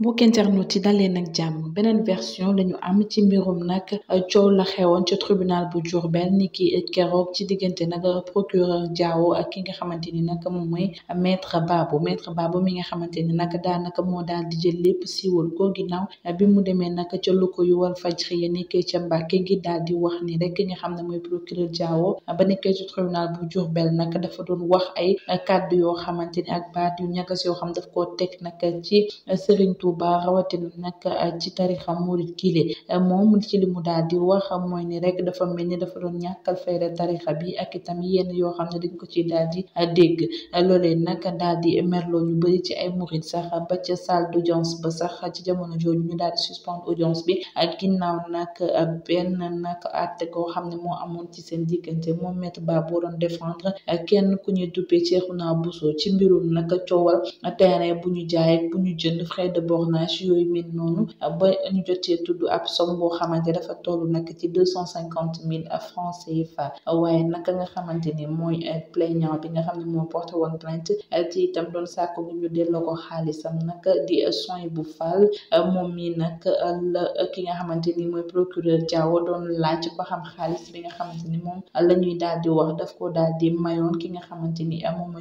mbokk internet yi daleen nag jàmm beneen version lañu am ci mbirum nag euh, coow la xewoon ci tribunal bu Diourbel ni ki euh, keroog ci diggante nag euh, procureur Diao ak ki nga xamante ni nag moom mooy maître Babou maître Babou mi nga xamante ni nag daanaka moo daal di jël lépp siiwal ko ginnaaw bi mu demee nag ca yu wal fajri ya nekkee gi daal di wax ni rek nga xam mooy procureur Diao ba nekkee ci tribunal bu Diourbel nag dafa doon wax ay kàddu yoo xamante ni ak baat yu ñagas yoo xam daf koo teg nag ci Serigne tuba rawatina nak ci tarixa murit kile moom ci li mu daal di wax mooy ni rek dafa mel dafa doon ñàkkal fayda tarixa bi ak tam yenn yoo xam ne dañ ko ci daal di dégg loolee nag daal di merloo ñu bari ci ay murit sax ba ca salle d'audience ba sax ci jamono jooju ñu daal di suspendre audience bi ak ginnaaw nag benn nak atte ko xam ne moo amoon ci seen diggante moom met ba boo doon défendre kenn ku ñuy duppee Cheikhouna Bousso ci mbirum nak coowal téré buñu ñu jaay ak jënd frais de tournage yooyu mel noonu ba ñu jotee tudd ab somme boo xamante dafa toll nag ci deux cent cinquante mille francs CFA waaye naka nga xamante ni mooy euh, bi nga xam ne moo porté woon plainte ci euh, itam doon sàkku bu ñu delloo ko xaalisam nag di euh, soin bu faal moom mi nag la ki nga xamante ni mooy procureur Diaw doon laaj ba xam xaalis bi nga xamante ni moom la ñuy daal di wax daf ko daal di mayoon ki nga xamante ni moom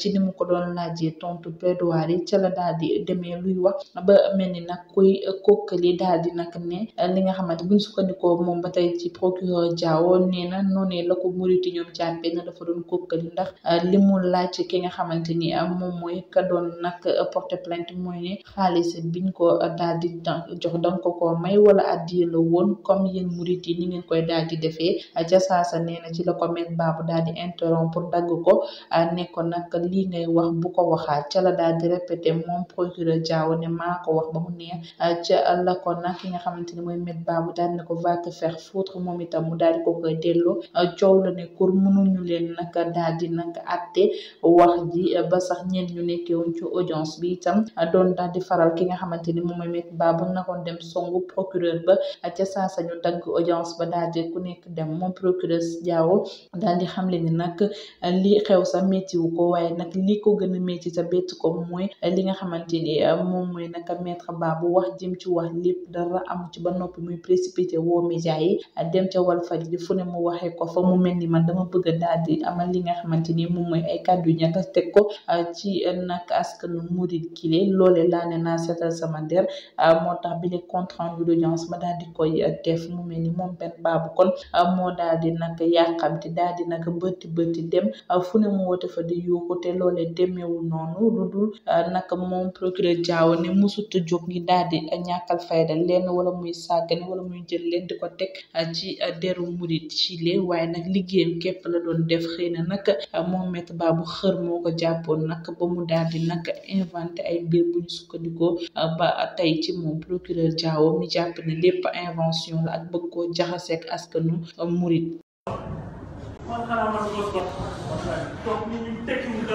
ci ni ko doon laajee tontu plaidoirie ca la daal di demee luy wax ba mel ni nag kuy kokkali daal di nag ne eh, li nga xamante buñ sukkandikoo moom ba tey ci procureur Diawo nee na noonee la ko muriti ñoom jàppe na dafa doon kokkali ndax eh, li mu laaj ki nga xamante ni eh, moom mooy ka doon nag porté plainte mooy ne xaalis biñ ko daal di jox danga ko ko may wala addiya la woon comme yéen murit yi ni ngeen koy daal di defee ca saasa nee ci la ko met baabu daal di interrompre dagg ko nekkoon nag lii ngay wax bu ko waxaat ca la daal di répété moom procureur Diaw ne maa ko wax ba mu neex euh, ca la ko ki nga xamante ne mooy met ba mu daal ne ko va te faire foutre moom itam mu daal di ko koy delloo euh, coow la ne kur mënuñu leen nag daal di nag atte wax ji euh, ba sax ñeen ñu nekkewoon ci audience bi itam doon daal di faral ki nga xamante ni moom mooy met ba nakoon dem songu procureur ba ca saa sañu dagg audience ba daal di ku nekk dem moom procureur Diaw daal di xamle ni nag li xew sa métti ko waaye nag li ko gën a sa bett ko mooy li nga xamante ni euh, moom mooy naka maître ba bu wax jëm ci wax lépp dara amu ci ba noppi muy précipité woo média yi dem ca Walfadjri fu ne mu waxee ko fa mu mel ni man dama bëgg a daal di amal li nga xamante ni moom mooy ay kàddu ñagas teg ko euh, ci euh, nag askanu murid kile loole laa naa seetal sama der moo tax bi le compte rendu d'audience ma daal di koy def mu mel ni moom benn baabu kon moo daal di nag di daal di nag bëtti bëtti dem fu ne mu woote fa di yuuxu te loole demeewu noonu lu dul nag moom procureur Diaw ne mosut jóg ngi daal di ñàkkal fayda lenn wala muy sàggane wala muy jël leen di ko teg ah, ci ah, deru murit ci lee waaye nag liggéeyam képp la doon def xëy na nag ah, moom Maître Babou xër moo ko jàppoon nag ba mu daal di inventé ay mbir bu ñu sukkandikoo ba tey ci moom procureur Diaw mi jàpp ne lépp invention la ak bëgg koo jaxaseeg ko toog toog ni ñu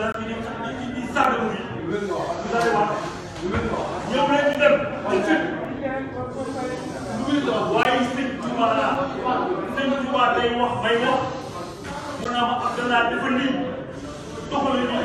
murit Abdoulaye dafa nii doxaluñu